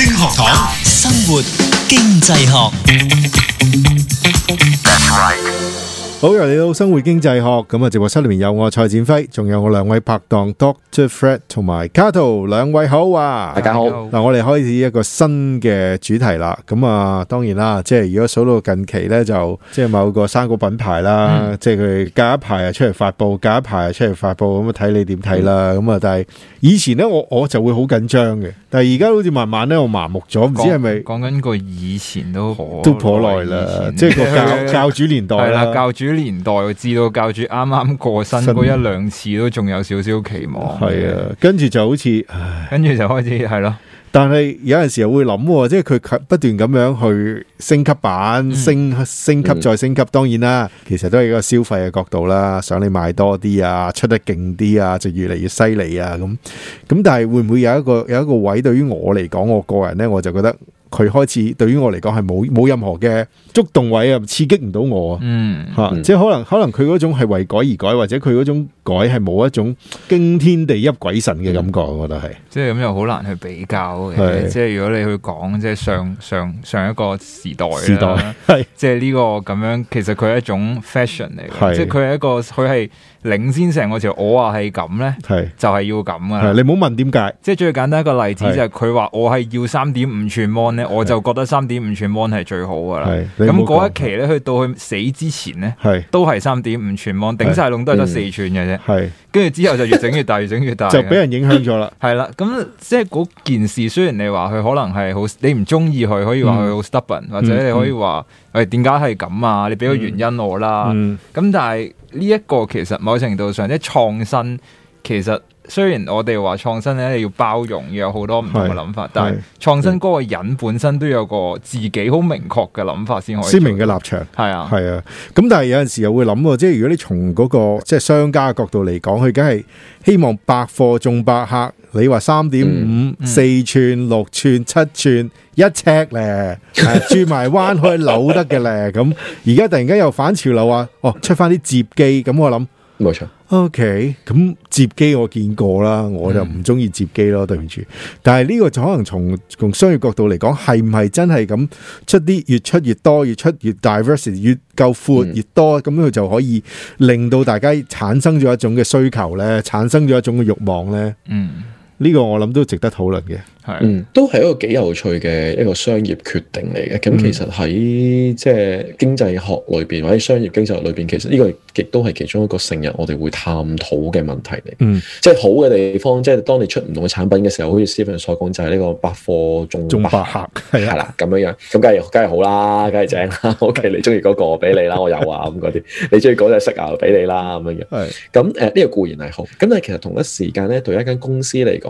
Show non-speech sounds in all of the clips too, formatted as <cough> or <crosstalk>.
財星學堂，生活經濟學。好，嚟到生活經濟學咁啊，直播室裏面有我蔡展輝，仲有我兩位拍檔 Doctor Fred 同埋 Cato 兩位好啊。大家好。嗱，我哋開始一個新嘅主題啦。咁啊，當然啦，即係如果數到近期咧，就即係某個生果品牌啦，即係佢隔一排啊出嚟發佈，隔一排啊出嚟發佈，咁啊睇你點睇啦。咁啊，但係以前咧，我我就會好緊張嘅，但係而家好似慢慢咧，我麻木咗，唔知係咪講緊個以前都都頗耐啦，即係教教主年代係啦，教主。年代我知道教主啱啱過身嗰，新一兩次都仲有少少期望，係啊，跟住就好似，唉，跟住就開始係咯。啊、但係有陣時又會諗，即係佢不斷咁樣去升級版，嗯、升升級再升級。嗯、當然啦，其實都係一個消費嘅角度啦，想你買多啲啊，出得勁啲啊，就越嚟越犀利啊，咁咁。但係會唔會有一個有一個位對於我嚟講，我個人咧，我就覺得。佢開始對於我嚟講係冇冇任何嘅觸動位啊，刺激唔到我、mm. 啊，嚇！即係可能可能佢嗰種係為改而改，或者佢嗰種改係冇一種驚天地泣鬼神嘅感覺，我覺得係。即係咁又好難去比較嘅，是即係如果你去講即係上上上一個時代時代，即係呢個咁樣，其實佢係一種 fashion 嚟嘅，是即係佢係一個佢係領先成個時代，我話係咁咧，是就係要咁噶啦。你唔好問點解，即係最簡單一個例子就係佢話我係要三點五寸 mon。我就覺得三點五寸 mon 係最好噶啦，咁嗰一期咧，去到佢死之前咧，是都係三點五寸 mon 頂晒籠，都係得四寸嘅啫，跟住、嗯、之後就越整越大， <laughs> 越整越大，就俾人影響咗啦。係啦， <laughs> 咁即係嗰件事，雖然你話佢可能係好，你唔中意佢，可以話佢好 stubborn，、嗯、或者你可以話誒點解係咁啊？你俾個原因我啦。咁、嗯嗯嗯嗯、但係呢一個其實某程度上，即創新其實。雖然我哋話創新咧，要包容，要有好多唔同嘅諗法。但係創新嗰個人本身都有個自己好明確嘅諗法先可以。鮮明嘅立場，係啊，係啊。咁但係有陣時又會諗，即係如果你從嗰、嗰個即係商家角度嚟講，佢梗係希望百貨中百客。你話三點五、四寸、嗯、六寸、七寸、一尺咧，轉埋彎可以扭得嘅咧。咁而家突然間又反潮流啊！哦，出翻啲摺機，咁我諗。冇錯沒，OK，咁接機我見過啦，我就唔中意接機咯，嗯、對唔住。但係呢個就可能從從商業角度嚟講，係唔係真係咁出啲越出越多，越出越 diversity 越夠闊越多，咁佢、嗯、就可以令到大家產生咗一種嘅需求咧，產生咗一種嘅欲望咧。嗯。呢個我諗都值得討論嘅，係，嗯，都係一個幾有趣嘅一個商業決定嚟嘅。咁其實喺即係經濟學裏邊或者商業經濟學裏邊，其實呢個亦都係其中一個成日我哋會探討嘅問題嚟。嗯，即係好嘅地方，即係當你出唔同嘅產品嘅時候，好似 Stephen 所講就係呢個百貨中百客係啦，咁樣樣，咁梗係梗係好啦，梗係正。O.K. <laughs> <laughs> 你中意嗰個俾你啦，我有啊，咁嗰啲你中意嗰隻色啊，俾你啦，咁樣樣。咁誒呢個固然係好，咁但係其實同一時間咧，對一間公司嚟講，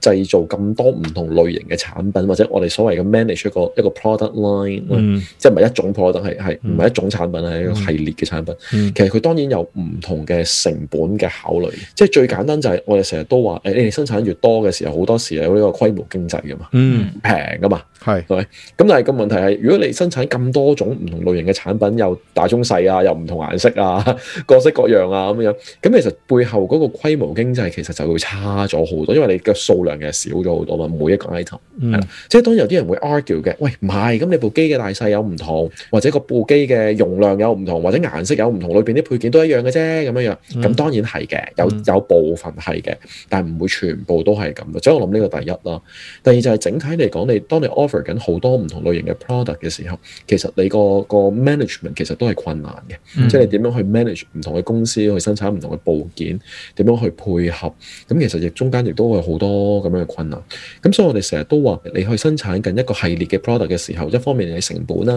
製造咁多唔同類型嘅產品，或者我哋所謂嘅 manage 一個一個 product line，、嗯、即係唔係一種 product 係係唔係一種產品係一,一個系列嘅產品。嗯、其實佢當然有唔同嘅成本嘅考慮，即係最簡單就係我哋成日都話誒、哎、你哋生產越多嘅時候，好多時候有呢個規模經濟嘅嘛，平嘅、嗯、嘛係，係咪？咁但係個問題係如果你生產咁多種唔同類型嘅產品，又大中細啊，又唔同顏色啊，各式各樣啊咁樣，咁其實背後嗰個規模經濟其實就會差咗好多，因為你嘅數量。少咗好多嘛，每一個 item，係啦，即係、嗯、當有啲人會 argue 嘅，喂唔係，咁你部機嘅大細有唔同，或者個部機嘅容量有唔同，或者顏色有唔同，裏邊啲配件都一樣嘅啫，咁樣樣，咁當然係嘅，有有部分係嘅，但係唔會全部都係咁咯。所以我諗呢個第一啦，第二就係整體嚟講，你當你 offer 緊好多唔同類型嘅 product 嘅時候，其實你個、個 management 其實都係困難嘅，嗯、即係你點樣去 manage 唔同嘅公司去生產唔同嘅部件，點樣去配合，咁其實亦中間亦都會好多。咁樣嘅困難，咁所以我哋成日都話，你去生產緊一個系列嘅 product 嘅時候，一方面你成本啦，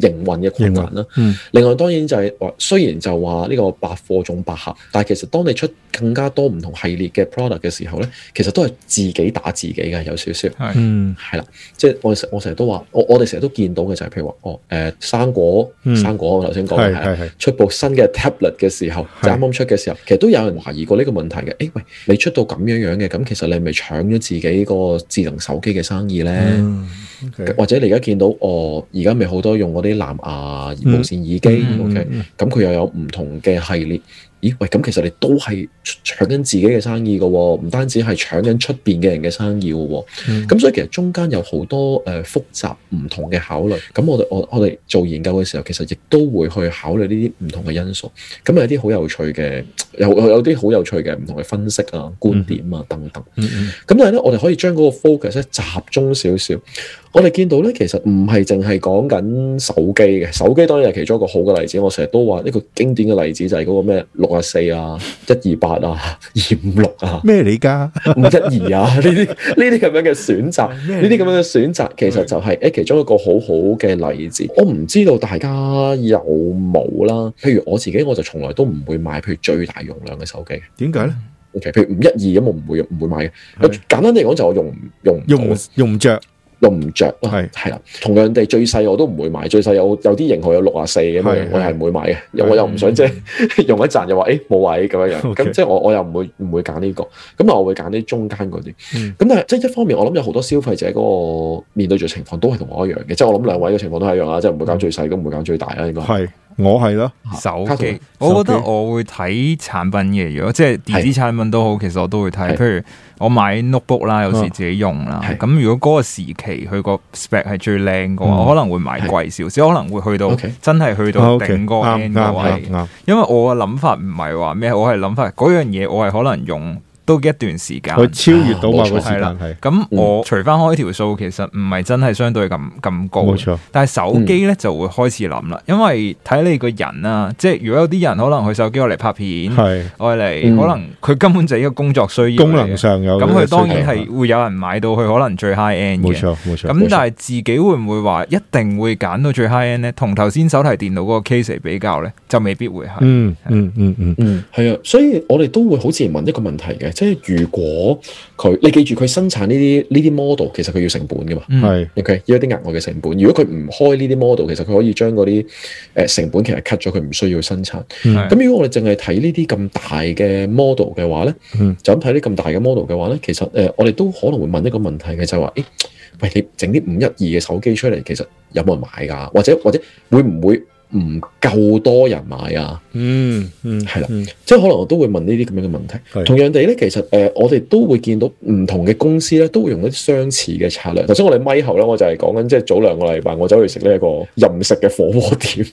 誒營運嘅困難啦，另外當然就係、是、話，雖然就話呢個百貨中百客，但係其實當你出更加多唔同系列嘅 product 嘅時候咧，其實都係自己打自己嘅，有少少，係，係、嗯、啦，即係我成我成日都話，我我哋成日都見到嘅就係、是、譬如話，哦，誒生果生果，我頭先講係係出部新嘅 tablet 嘅時候，啱啱的出嘅時候，其實都有人懷疑過呢個問題嘅，誒喂，你出到咁樣樣嘅，咁其實你未長。搶咗自己個智能手機嘅生意咧，嗯 okay. 或者你而家見到，哦，而家咪好多用嗰啲藍牙無線耳機，OK，咁佢又有唔同嘅系列。咦喂，咁其實你都係搶緊自己嘅生意嘅喎、哦，唔單止係搶緊出邊嘅人嘅生意嘅喎、哦，咁、嗯、所以其實中間有好多誒、呃、複雜唔同嘅考慮。咁我哋我我哋做研究嘅時候，其實亦都會去考慮呢啲唔同嘅因素。咁有啲好有趣嘅，有有啲好有趣嘅唔同嘅分析啊、嗯、觀點啊等等。咁、嗯嗯嗯、但係咧，我哋可以將嗰個 focus 咧集中少少。我哋見到咧，其實唔係淨係講緊手機嘅，手機當然係其中一個好嘅例子。我成日都話一個經典嘅例子就係嗰個咩六十四啊、一二八啊、二五六啊。咩嚟㗎？五一二啊？呢啲呢啲咁樣嘅選擇，呢啲咁樣嘅選擇，其實就係誒其中一個好好嘅例子。我唔 Okay. 知道大家有冇啦。譬如我自己，我就從來都唔會買，譬如最大容量嘅手機。點解咧？OK，譬如五一二咁，我唔會唔會買嘅。的簡單嚟講，就我用用用唔用唔著。用唔着，咯，係係啦。同樣地，最細我都唔會買，最細有有啲型號有六十四，咁我係唔會買嘅。又我又唔想即係用一陣又話誒冇位咁樣樣，咁即係我我又唔會唔會揀呢個。咁啊，我會揀啲中間嗰啲。咁但係即係一方面，我諗有好多消費者嗰個面對住嘅情況都係同我一樣嘅，即係我諗兩位嘅情況都係一樣啦，即係唔會揀最細，都唔會揀最大啦，應該係。我係咯手機機，我覺得我會睇產品嘅，如果即係電子產品都好，是其實我都會睇。譬如我買 notebook 啦，有時自己用啦。咁是如果嗰個時期佢個 spec 係最靚嘅話，嗯、我可能會買貴少少，是可能會去到 okay, 真係去到頂個 end 嘅位。因為我嘅諗法唔係話咩，我係諗法嗰樣嘢我係可能用。都一段時間，佢超越到嘛？冇錯，係啦。咁我除翻開條數，其實唔係真係相對咁咁高，冇錯。但係手機咧就會開始諗啦，因為睇你個人呀，即係如果有啲人可能佢手機我嚟拍片，係我嚟，可能佢根本就係一個工作需要，功能上咁佢當然係會有人買到佢可能最 high end 嘅，冇錯冇錯。咁但係自己會唔會話一定會揀到最 high end 咧？同頭先手提電腦嗰個 case 比較咧，就未必會係。嗯嗯嗯嗯嗯，係啊。所以我哋都會好似問一個問題嘅。即係如果佢，你記住佢生產呢啲呢啲 model，其實佢要成本㗎嘛，係是，OK，要有啲額外嘅成本。如果佢唔開呢啲 model，其實佢可以將嗰啲誒成本其實 cut 咗，佢唔需要生產。咁是如果我哋淨係睇呢啲咁大嘅 model 嘅話咧，是就咁睇呢咁大嘅 model 嘅話咧，其實誒、呃、我哋都可能會問一個問題嘅就係、是、話，誒，喂，你整啲五一二嘅手機出嚟，其實有冇人買㗎？或者或者會唔會？唔夠多人買啊，嗯嗯，係啦，即係可能我都會問呢啲咁樣嘅問題。同樣地咧，其實誒，我哋都會見到唔同嘅公司咧，都會用一啲相似嘅策略。頭先我哋咪後咧，我就係講緊即係早兩個禮拜，我走去食呢一個任食嘅火鍋店。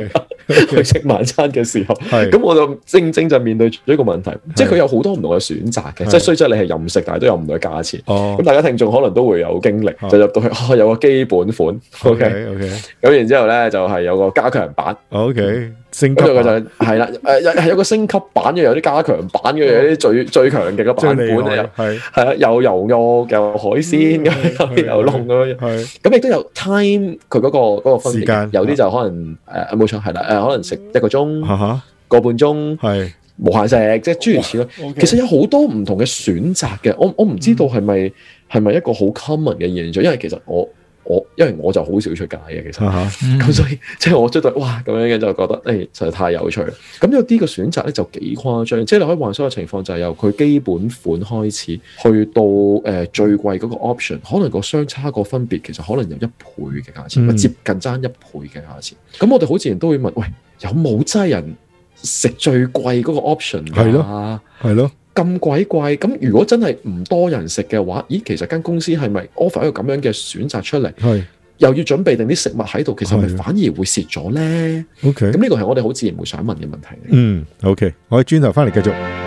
OK，去食晚餐嘅時候，咁我就正正就面對咗呢個問題，即係佢有好多唔同嘅選擇嘅，即係雖則你係任食，但係都有唔同嘅價錢。咁大家聽眾可能都會有經歷，就入到去，有個基本款。OK OK，咁然之後咧就係。有個加強版，OK，升級嘅就係啦，誒，係有個升級版，跟有啲加強版嘅有啲最最強嘅個版本咧，係係啊，有油肉，有海鮮又有油龍咁，咁亦都有 time，佢嗰個嗰個分時間，有啲就可能誒，冇錯係啦，誒，可能食一個鐘，個半鐘，係無限食，即係諸如此類。其實有好多唔同嘅選擇嘅，我我唔知道係咪係咪一個好 common 嘅現象，因為其實我。我因為我就好少出街嘅，其實咁、uh huh. 所以即係、就是、我出到哇咁樣嘅就覺得誒、哎、實在太有趣啦。咁有啲嘅選擇咧就幾誇張，即係你可以幻想嘅情況就係由佢基本款開始去到誒、呃、最貴嗰個 option，可能個相差個分別其實可能有一倍嘅價錢，uh huh. 接近爭一倍嘅價錢。咁我哋好自然都會問：喂，有冇啲人？食最貴嗰個 option 係咯，係咯，咁鬼貴，咁如果真係唔多人食嘅話，咦，其實間公司係咪 offer 一個咁樣嘅選擇出嚟，係又要準備定啲食物喺度，其實咪反而會蝕咗咧？OK，咁呢的個係我哋好自然會想問嘅問題。嗯，OK，我哋轉頭翻嚟繼續。